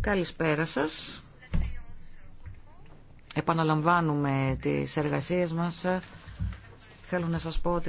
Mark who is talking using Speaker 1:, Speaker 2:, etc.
Speaker 1: Καλησπέρα σας.
Speaker 2: Επαναλαμβάνουμε τις εργασίες μας. Θέλω να σας πω ότι